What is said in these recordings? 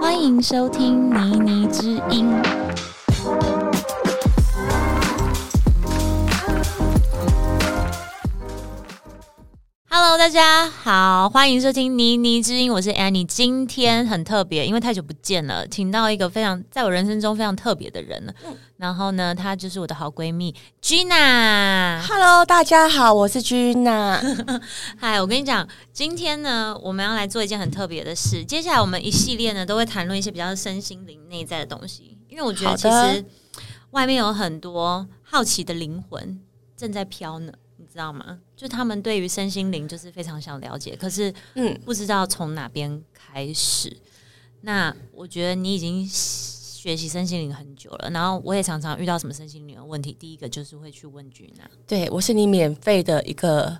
歡迎收聽《妮妮之音》。大家好，歡迎收聽妮妮之音，我是 Annie。今天很特別，因為太久不見了，請到一個非常在我人生中非常特別的人了。嗯。然後呢，她就是我的好閨蜜 Gina。Hello，大家好，我是 Gina。嗨， 我跟你講，今天呢，我們要來做一件很特別的事。接下來我們一系列呢，都會談論一些比較身心靈內在的東西，因為我覺得其實外面有很多好奇的靈魂正在飄呢。你知道嗎？就他們對於身心靈就是非常想了解，可是嗯，不知道從哪邊開始，嗯。那我覺得你已經學習身心靈很久了，然後我也常常遇到什麼身心靈的問題，第一個就是會去問 Gina。對，我是你免費的一個。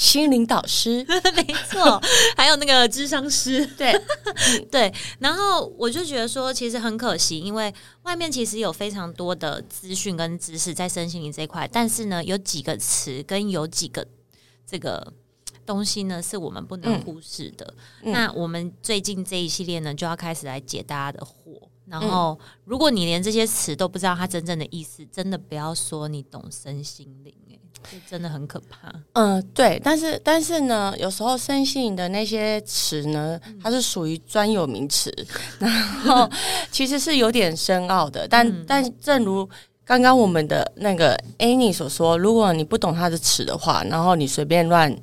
心靈導師， 沒錯，還有那個諮商師 對，對對。然後我就覺得說，其實很可惜，因為外面其實有非常多的資訊跟知識在身心靈這一塊，但是呢，有幾個詞跟有幾個這個東西呢，是我們不能忽視的、嗯。那我們最近這一系列呢，就要開始來解大家的惑。然後，如果你連這些詞都不知道它真正的意思，真的不要說你懂身心靈欸真的很可怕。嗯，對，但是但是呢，有時候身心的那些詞呢，它是屬於專有名詞、嗯，然後 其實是有點深奧的。但、嗯、但正如剛剛我們的那個 Annie 所說，如果你不懂它的詞的話，然後你隨便亂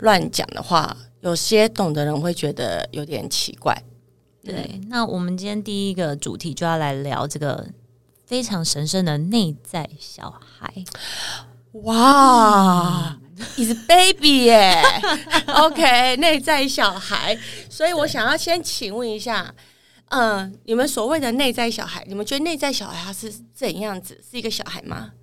亂講的話，有些懂的人會覺得有點奇怪對。對，那我們今天第一個主題就要來聊這個非常神聖的內在小孩。哇、wow，it's baby 耶，OK 內 在小孩，所以我想要先請問一下，嗯，你們所謂的內在小孩，你們覺得內在小孩他是怎樣子？是一個小孩嗎？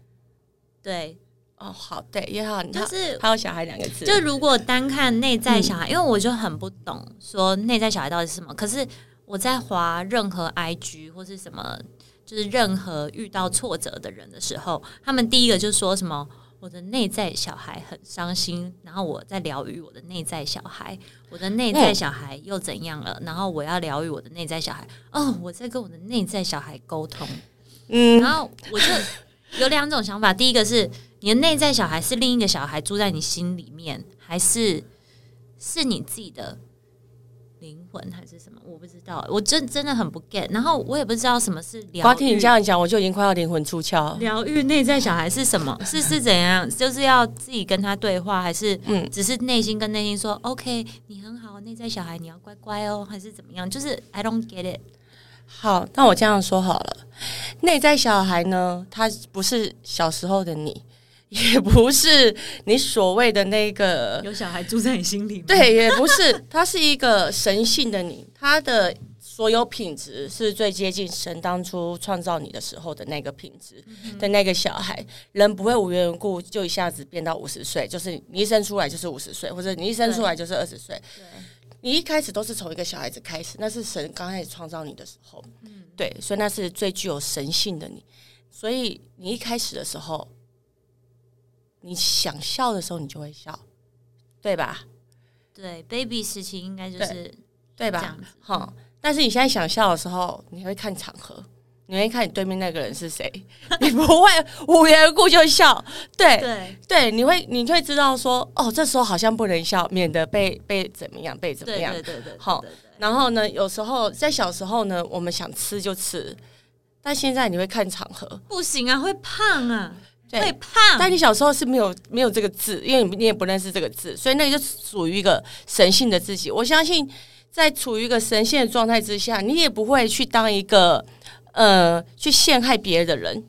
對，哦，好對，也好，你就是還有小孩兩個字，就如果單看內在小孩，因為我就很不懂說內在小孩到底是什麼、嗯。可是我在滑任何 IG 或是什麼，就是任何遇到挫折的人的時候，他們第一個就說什麼？我的內在小孩很傷心，然後我在療癒我的內在小孩。我的內在小孩又怎樣了？嗯，然後我要療癒我的內在小孩。哦，我在跟我的內在小孩溝通。嗯，然後我就有兩種想法： 第一個是你的內在小孩是另一個小孩住在你心裡面，還是是你自己的？靈魂還是什麼，我不知道，我真真的很不 get。然後我也不知道什麼是療癒。我要聽你這樣講，我就已經快要靈魂出竅。療癒內在小孩是什麼？ 是是怎樣？就是要自己跟他對話，還是，是嗯，只是內心跟內心說 OK，你很好，內在小孩你要乖乖哦，還是怎麼樣？就是 I don't get it。好，那我這樣說好了，內在小孩呢，他不是小時候的你。也不是你所謂的那個有小孩住在你心裡，對，也不是，他是一個神性的你，他的所有品質是最接近神當初創造你的時候的那個品質的那個小孩。人不會無緣無故就一下子變到五十歲，就是你一生出來就是五十歲，或者你一生出來就是二十歲，你一開始都是從一個小孩子開始，那是神剛開始創造你的時候，嗯，對，所以那是最具有神性的你，所以你一開始的時候。你想笑的時候，你就會笑，對吧？對，baby 時期應該就是對，對吧？好，但是你現在想笑的時候，你會看場合，你會看你對面那個人是誰， 你不會無緣無故就笑，對對對，你會，你就會知道說，哦，這時候好像不能笑，免得被被怎麼樣，被怎麼樣，對對對、對，好。然後呢，有時候在小時候呢，我們想吃就吃，但現在你會看場合，不行啊，會胖啊。會怕，但你小時候是沒有沒有這個字，因為你你也不認識這個字，所以那個就屬於一個神性的自己。我相信，在處於一個神性的狀態之下，你也不會去當一個呃去陷害別人的人，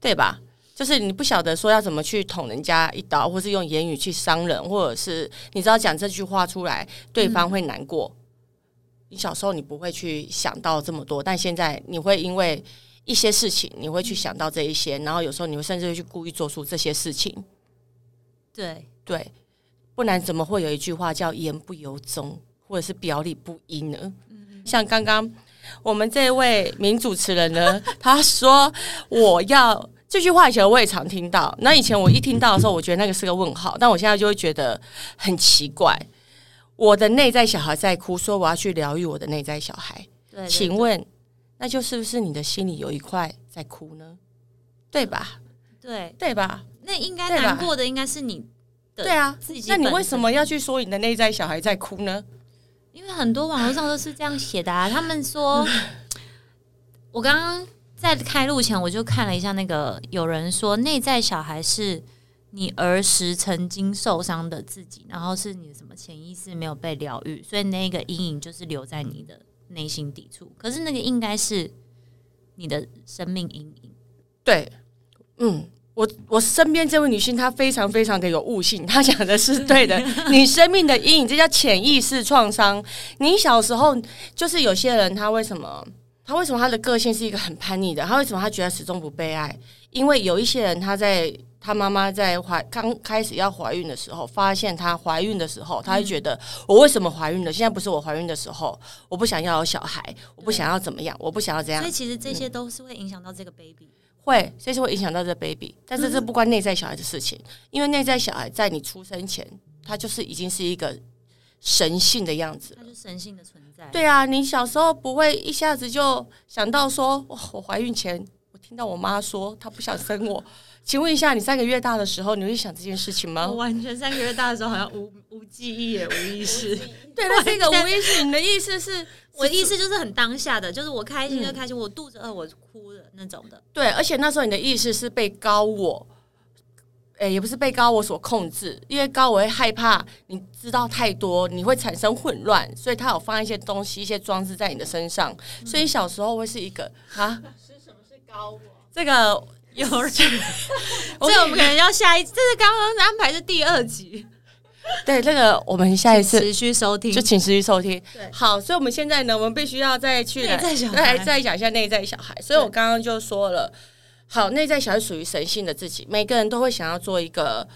對吧？就是你不曉得說要怎麼去捅人家一刀，或是用言語去傷人，或者是你知道講這句話出來，對方會難過。嗯、你小時候你不會去想到這麼多，但現在你會因為。一些事情，你會去想到這一些，然後有時候你會甚至會去故意做出這些事情，對對，不然怎麼會有一句話叫言不由衷，或者是表裡不一呢？嗯、像剛剛我們這位名主持人呢， 他說我要這句話以前我也常聽到，那以前我一聽到的時候，我覺得那個是個問號，但我現在就會覺得很奇怪，我的內在小孩在哭，說我要去療癒我的內在小孩，對對對，請問。那就是不是你的心裡有一塊在哭呢？對吧？對對吧？那應該難過的應該是你的自己。對啊，那你為什麼要去說你的內在小孩在哭呢？因為很多網絡上都是這樣寫的、啊，他們說， 我剛剛在開錄前我就看了一下那個有人說，內在小孩是你兒時曾經受傷的自己，然後是你什麼潛意識沒有被療癒，所以那個陰影就是留在你的。嗯內心抵觸，可是那個應該是你的生命陰影。對，嗯，我我身邊這位女性，她非常非常的有悟性，她講的是對的。你生命的陰影，這叫潛意識創傷。你小時候，就是有些人，他為什麼，他為什麼他的個性是一個很叛逆的？他為什麼他覺得始終不被愛？因為有一些人，他在。她媽媽在懷剛開始要懷孕的時候，發現她懷孕的時候，她會覺得我為什麼懷孕了？現在不是我懷孕的時候，我不想要有小孩，我不想要怎麼樣，我不想要這樣。所以其實這些都是會影響到這個 baby。嗯、會，這是會影響到這個 baby，但是這不關內在小孩的事情，嗯、因為內在小孩在你出生前，他就是已經是一個神性的樣子，他是神性的存在。對啊，你小時候不會一下子就想到說，我懷孕前。聽到我媽說她不想生我，請問一下，你三個月大的時候你會想這件事情嗎？完全三個月大的時候好像無 無記憶也無意識， 對，那個無意識。 你的意思是， 我的意思就是很當下的，就是我開心就開心，嗯、我肚子餓我哭的那種的。對，而且那時候你的意識是被高我，哎、欸，也不是被高我所控制，因為高我會害怕你知道太多，你會產生混亂，所以他有放一些東西、一些裝置在你的身上，所以你小時候會是一個啊。嗯這個有會這 我們可能要下一， 這是剛剛安排的第二集。對，這、那個我們下一次 持續收聽，就請持續收聽。對，好，所以我們現在呢，我們必須要再去來，再來，再講一下內在小孩。所以我剛剛就說了，好，內在小孩屬於神性的自己，每個人都會想要做一個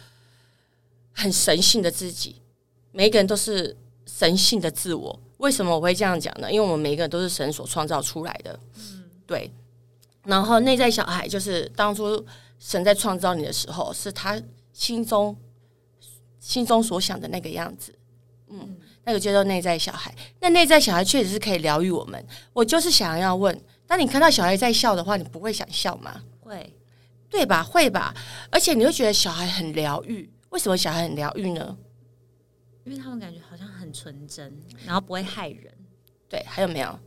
很神性的自己，每個人都是神性的自我。為什麼我會這樣講呢？因為我們每個人都是神所創造出來的。嗯，對。然後內在小孩就是當初神在創造你的時候，是他心中心中所想的那個樣子，嗯，嗯，那個叫做內在小孩。那內在小孩確實是可以療癒我們。我就是想要問，當你看到小孩在笑的話，你不會想笑嗎？會，對吧？會吧。而且你會覺得小孩很療癒。為什麼小孩很療癒呢？因為他們感覺好像很純真，然後不會害人，嗯。對，還有沒有？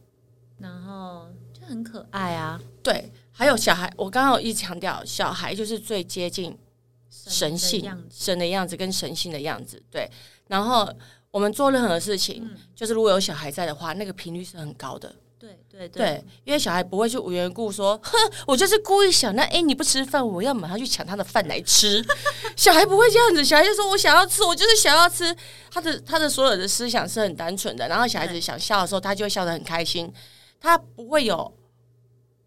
然後。這很可愛啊！對，還有小孩，我剛剛有一直強調，小孩就是最接近神性神的樣子，神的樣子跟神性的樣子。對，然後我們做任何事情，嗯，就是如果有小孩在的話，那個頻率是很高的。對對對，對，因為小孩不會去無緣故說，哼，我就是故意想那哎你不吃飯，我要馬上去搶他的飯來吃。 小孩不會這樣子，小孩就說，我想要吃，我就是想要吃。他的他的所有的思想是很單純的，然後小孩子想笑的時候，嗯，他就會笑得很開心。它不會有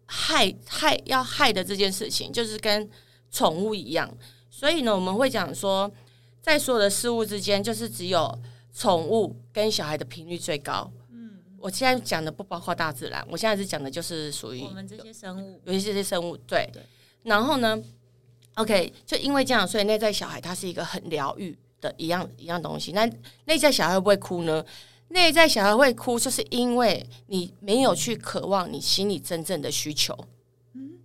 害害要害的這件事情，就是跟寵物一樣。所以呢，我們會講說，在所有的事物之間，就是只有寵物跟小孩的頻率最高。嗯，我現在講的不包括大自然，我現在是講的就是屬於我們這些生物，尤其是這些生物。對，對，然後呢，OK，就因為這樣，所以內在小孩他是一個很療癒的一樣一樣東西。那內在小孩會不會哭呢？內在小孩會哭，就是因為你沒有去渴望你心裡真正的需求。嗯，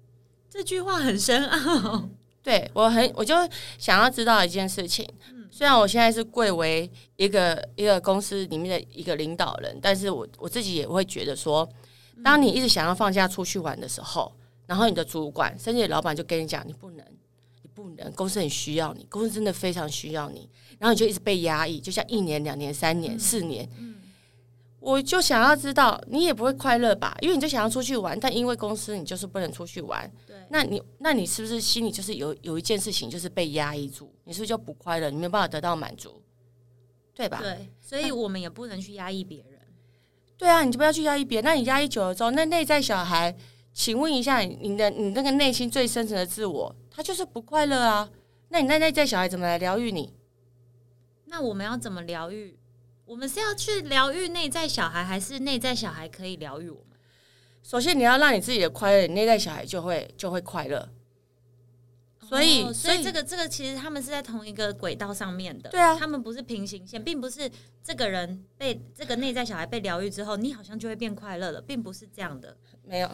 這句話很深奧。對我很，我就想要知道一件事情。雖然我現在是貴為一個一個公司裡面的一個領導人，但是我我自己也會覺得說，當你一直想要放假出去玩的時候，然後你的主管甚至老板就跟你講，你不能，你不能，公司很需要你，公司真的非常需要你。然後你就一直被壓抑，就像一年、兩年、三年、嗯、四年，嗯，我就想要知道，你也不會快樂吧？因為你就想要出去玩，但因為公司你就是不能出去玩，對。那你那你是不是心裡就是有有一件事情就是被壓抑住？你是不是就不快樂？你沒有辦法得到滿足，對吧？對。所以我們也不能去壓抑別人。對啊，你就不要去壓抑別人。那你壓抑久了之後，那內在小孩，請問一下你，你的你那個內心最深層的自我，他就是不快樂啊。那你那內在小孩怎麼來療癒你？那我們要怎麼療癒？我們是要去療癒內在小孩，還是內在小孩可以療癒我們？首先，你要讓你自己的快樂，你內在小孩就會就會快樂。所以，所以這個這個其實他們是在同一個軌道上面的。對啊，他們不是平行線，並不是這個人被這個內在小孩被療癒之後，你好像就會變快樂了，並不是這樣的。沒有。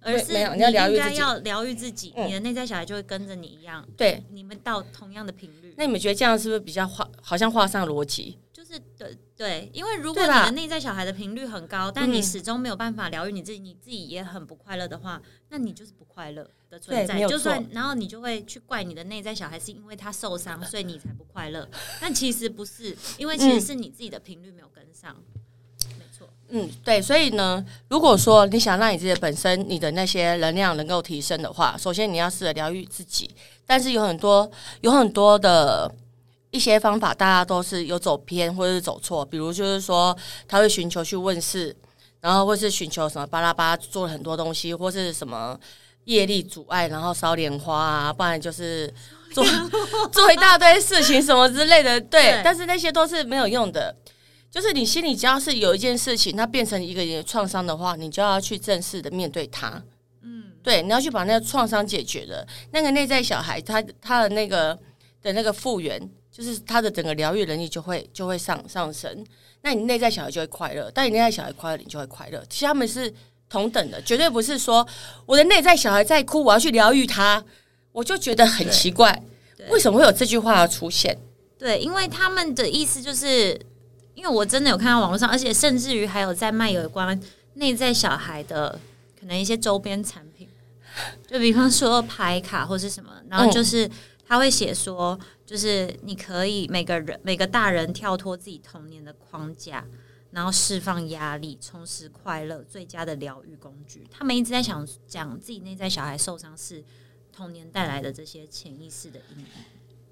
而是你應該要療癒自己，你的內在小孩就會跟着你一樣，對，你們到同樣的頻率。那你們覺得這樣是不是比較畫，好像畫上邏輯？就是對對，因為如果你的內在小孩的頻率很高，但你始終沒有辦法療癒你自己，你自己也很不快樂的話，那你就是不快樂的存在。就算，然後你就會去怪你的內在小孩，是因為他受傷，所以你才不快樂。但其實不是，因為其實是你自己的頻率沒有跟上。嗯，對，所以呢，如果說你想讓你自己本身你的那些能量能夠提升的話，首先你要試着療癒自己。但是有很多有很多的一些方法，大家都是有走偏或者是走錯。比如就是說，他會尋求去問事，然後或是尋求什麼巴拉巴拉做了很多東西，或是什麼業力阻礙，然後燒蓮花啊，不然就是做做一大堆事情什麼之類的。對，對，但是那些都是沒有用的。就是你心裡只要是有一件事情，它變成一個創傷的話，你就要去正式的面對它。嗯，對，你要去把那個創傷解決了，那個內在小孩他他的那個的那個復原，就是他的整個療癒能力就會就會上上升。那你內在小孩就會快樂，但你內在小孩快樂，你就會快樂。其實他們是同等的，絕對不是說我的內在小孩在哭，我要去療癒他，我就覺得很奇怪，為什麼會有這句話要出現？對，因為他們的意思就是。因為我真的有看到網絡上，而且甚至於還有在賣有關內在小孩的可能一些周邊產品，就比方說牌卡或是什麼，然後就是他會寫說，就是你可以每個人每個大人跳脫自己童年的框架，然後釋放壓力，充實快樂，最佳的療癒工具。他們一直在想講自己內在小孩受傷是童年帶來的這些潛意識的陰影。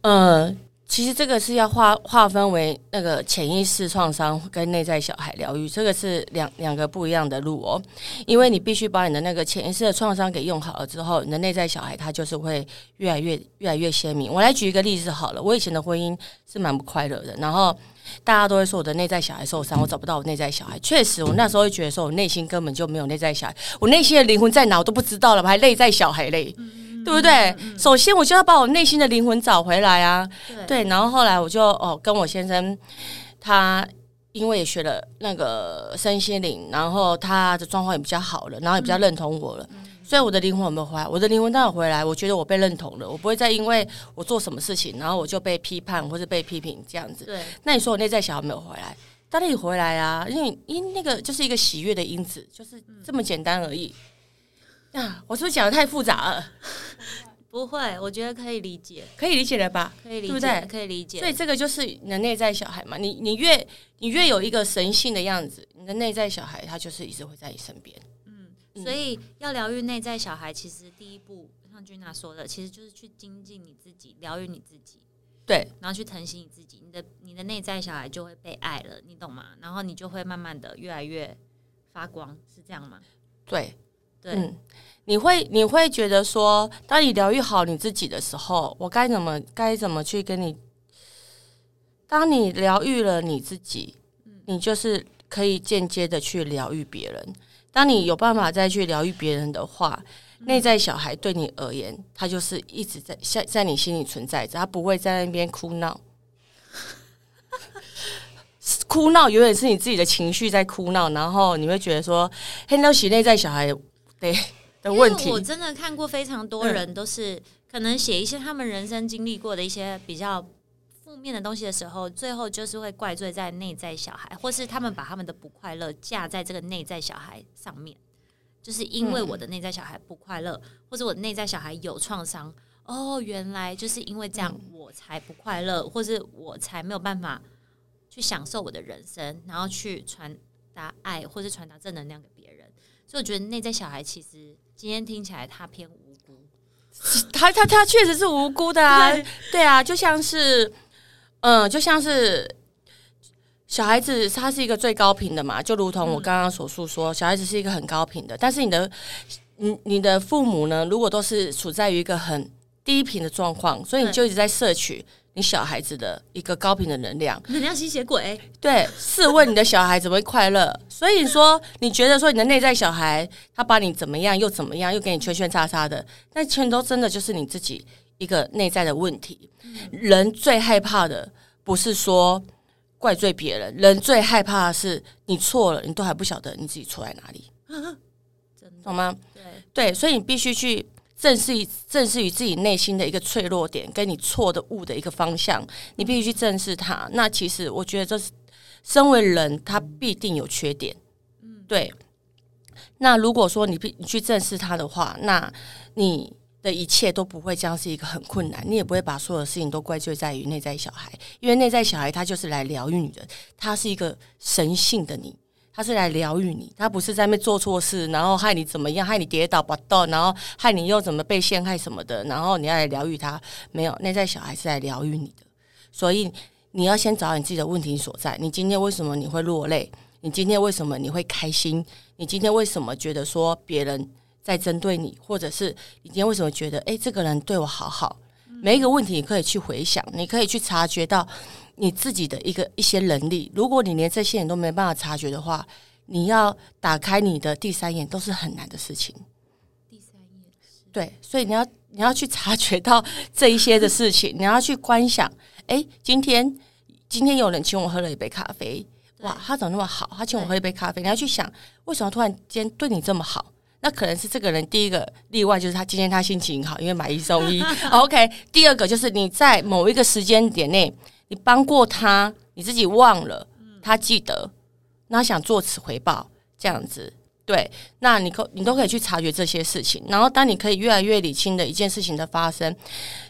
嗯、uh。其實這個是要劃劃分為那個潛意識創傷跟內在小孩療癒，這個是兩兩個不一樣的路哦。因為你必須把你的那個潛意識的創傷給用好了之後，你的內在小孩他就是會越來越越來越鮮明。我來舉一個例子好了，我以前的婚姻是蠻不快樂的，然後大家都會說我的內在小孩受傷，我找不到我內在小孩。確實，我那時候會覺得說，我內心根本就沒有內在小孩，我內心的靈魂在哪我都不知道了嘛，我還內在小孩嘞？嗯對不對？嗯嗯、首先，我就要把我內心的靈魂找回來啊，對！對，然後後來我就哦，跟我先生，他因為也學了那個身心靈，然後他的狀況也比較好了，然後也比較認同我了。嗯嗯、所以我的靈魂有沒有回來，我的靈魂當然回來，我覺得我被認同了，我不會再因為我做什麼事情，然後我就被批判或者被批評這樣子。對，那你說我內在小孩沒有回來？當然回來啊，因為因為那個就是一個喜悅的因子，就是這麼簡單而已。嗯啊，我是不是講得太複雜了？不會，我覺得可以理解，可以理解了吧？可以理解，對，可以理解。所以這個就是你的內在小孩嘛。你你越你越有一個神性的樣子，你的內在小孩他就是一直會在你身邊。嗯，所以要療癒內在小孩，其實第一步，像 Gina 說的，其實就是去精進你自己，療癒你自己。對，然後去疼惜你自己，你的你的內在小孩就會被愛了，你懂嗎？然後你就會慢慢的越來越發光，是這樣嗎？對。嗯，你會你會覺得說，當你療癒好你自己的時候，我該怎麼該怎麼去跟你？當你療癒了你自己，你就是可以間接的去療癒別人。當你有辦法再去療癒別人的話，嗯、內在小孩對你而言，他就是一直在在在你心裡存在着，他不會在那邊哭鬧。 哭鬧永遠是你自己的情緒在哭鬧，然後你會覺得說嘿，都是內在小孩。對，的問題。因為我真的看過非常多人都是可能寫一些他們人生經歷過的一些比較負面的東西的時候，最後就是會怪罪在內在小孩，或是他們把他們的不快樂架在這個內在小孩上面，就是因為我的內在小孩不快樂，嗯、或者我的內在小孩有創傷，哦，原來就是因為這樣我才不快樂，嗯、或是我才沒有辦法去享受我的人生，然後去傳達愛或是傳達正能量給別人。所以我覺得內在小孩其實今天聽起來他偏無辜，他他他確實是無辜的啊。對啊，就像是，嗯，就像是小孩子，他是一個最高頻的嘛，就如同我剛剛所述說，嗯，小孩子是一個很高頻的，但是你的，你你的父母呢，如果都是處在於一個很低頻的狀況，所以你就一直在攝取。你小孩子的一個高頻的能量，能量吸血鬼。對，試問你的小孩怎麼會快樂？ 所以說，你覺得說你的內在小孩他把你怎麼樣，又怎麼樣，又給你圈圈叉叉的，但全都真的就是你自己一個內在的問題、嗯。人最害怕的不是說怪罪別人，人最害怕的是你錯了，你都還不曉得你自己錯在哪裡，啊、真的懂嗎對？對，所以你必須去。正視於正視於自己內心的一個脆弱點，跟你錯的、誤的一個方向，你必須去正視它。那其實我覺得，這是身為人，他必定有缺點。嗯，對。那如果說你必你去正視他的話，那你的一切都不會將是一個很困難，你也不會把所有的事情都怪罪在於內在小孩，因為內在小孩他就是來療癒你的，他是一個神性的你。他是來療癒你，他不是在那做錯事，然後害你怎麼樣，害你跌倒、摔倒，然後害你又怎麼被陷害什麼的，然後你要來療癒他。沒有內在小孩是來療癒你的，所以你要先找你自己的問題所在。你今天為什麼你會落淚？你今天為什麼你會開心？你今天為什麼覺得說別人在針對你，或者是你今天為什麼覺得誒，欸，這個人對我好好？每一個問題，你可以去回想，你可以去察覺到你自己的一個一些能力。如果你連這些你都沒辦法察覺的話，你要打開你的第三眼都是很難的事情。第三眼是？對，所以你要你要去察覺到這一些的事情，你要去觀想。哎，今天今天有人請我喝了一杯咖啡，哇，他怎麼那麼好？他請我喝一杯咖啡，你要去想，為什麼突然間對你這麼好？那可能是這個人第一個例外，就是他今天他心情好，因為買一送一。 OK，第二個就是你在某一個時間點內，你幫過他，你自己忘了，他記得，那他想做此回報，這樣子。對，那你可你都可以去察覺這些事情。然後，當你可以越來越理清的一件事情的發生，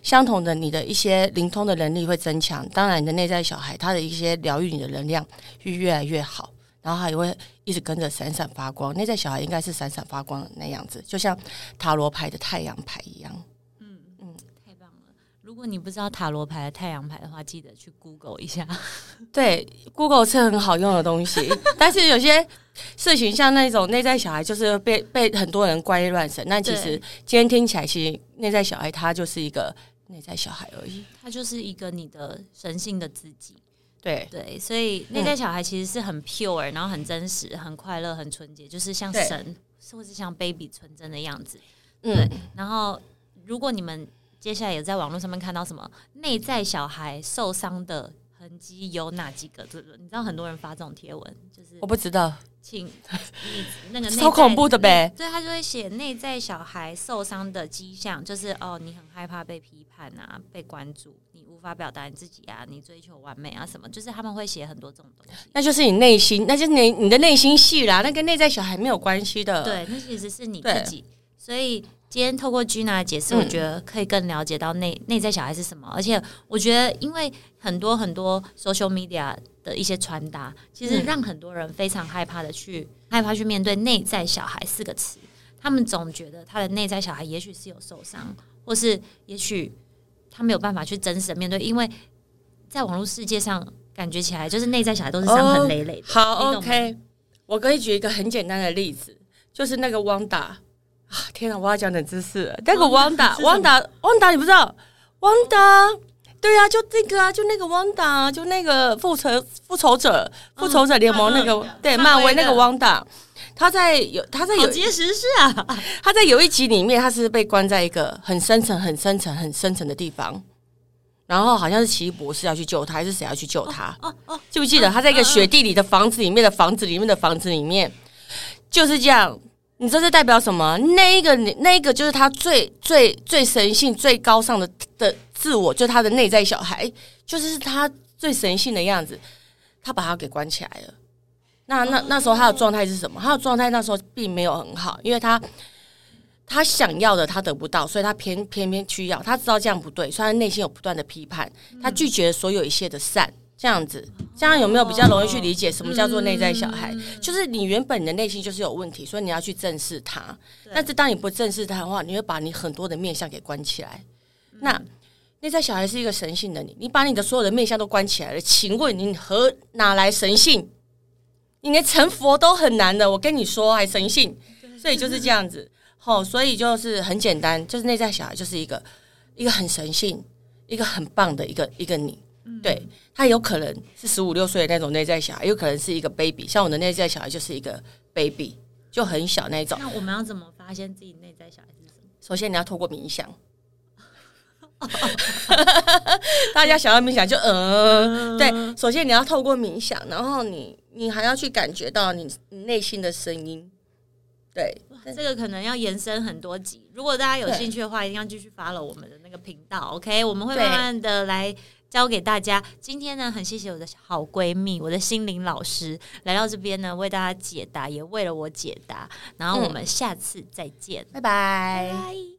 相同的，你的一些靈通的能力會增強。當然，你的內在小孩他的一些療癒你的能量會越來越好。然後它也會一直跟着閃閃發光，內在小孩應該是閃閃發光的那樣子，就像塔羅牌的太陽牌一樣。嗯嗯，太棒了！如果你不知道塔羅牌的太陽牌的話，記得去 Google 一下。對，Google 是很好用的東西， 但是有些事情像那種內在小孩，就是被被很多人怪異亂神。那其實今天聽起來，其實內在小孩他就是一個內在小孩而已，他就是一個你的神性的自己。對對，所以內在小孩其實是很 pure，然後很真實、很快樂、很純潔，就是像神，或者是像 baby 純真的樣子。對嗯，然後如果你們接下來有在網絡上面看到什麼內在小孩受傷的痕跡，有哪幾個？就是你知道很多人發這種貼文，就是我不知道，請那個好恐怖的唄。對，他就會寫內在小孩受傷的跡象，就是哦，你很害怕被批判啊，被關注。發表達你自己啊，你追求完美啊，什麼？就是他們會寫很多這種東西。那就是你內心，那就是你你的內心戲啦。那跟內在小孩沒有關係的。對，那其實是你自己。所以今天透過 Gina 的解釋，我覺得可以更了解到內內、嗯、在小孩是什麼。而且我覺得，因為很多很多 social media 的一些傳達、嗯，其實讓很多人非常害怕的去害怕去面對“內在小孩”四個詞。他們總覺得他的內在小孩也許是有受傷，或是也許。他沒有辦法去真實的面對，因為在網絡世界上感覺起來，就是內在小孩都是傷痕累累的。Oh, 好，OK，我可以舉一個很簡單的例子，就是那個汪達啊，天哪，啊，我要講冷知識，那個汪達，哦，汪達，汪達，你不知道，汪達，對啊，就這個啊，就那個汪達，就那個復仇復仇者復仇者聯盟，那個嗯，那個，對，漫威那個汪達。他在有他在有結識，是啊！他在有一集裡面，他是被關在一個很深層、很深層、很深層的地方。然後好像是奇異博士要去救他，還是誰要去救他？哦哦，記不記得他在一個雪地裡的房子裡面的房子裡面的房子裡面，就是這樣。你知道這代表什麼？那一個那一個就是他最最最神性最高尚的的自我，就是他的內在小孩，就是他最神性的樣子。他把他給關起來了。那那那時候他的狀態是什麼？他的狀態那時候並沒有很好，因為他他想要的他得不到，所以他偏偏偏去要。他知道這樣不對，雖然內心有不斷的批判，他拒絕所有一切的善。這樣子這樣有沒有比較容易去理解什麼叫做內在小孩？就是你原本你的內心就是有問題，所以你要去正視他。但是當你不正視他的話，你會把你很多的面向給關起來。那內在小孩是一個神性的你，你把你的所有的面向都關起來了，請問你何哪來神性？你連成佛都很難的，我跟你說，還神性，所以就是這樣子，吼、 哦，所以就是很簡單，就是內在小孩就是一個一個很神性，一個很棒的一個一個你，嗯、對，他有可能是十五六歲的那種內在小孩，有可能是一個 baby，像我的內在小孩就是一個 baby，就很小那種。那我們要怎麼發現自己內在小孩是什麼？首先你要透過冥想。Oh, okay. 大家想要冥想就嗯、呃，uh, 對，首先你要透過冥想，然後你你還要去感覺到你內心的聲音。對、對，這個可能要延伸很多集。如果大家有興趣的話，一定要繼續 follow 我們的那個頻道。OK，我們會慢慢的來教給大家。今天呢，很謝謝我的好閨蜜，我的心靈老師來到這邊呢，為大家解答，也為了我解答。然後我們下次再見，拜、嗯、拜。Bye bye bye bye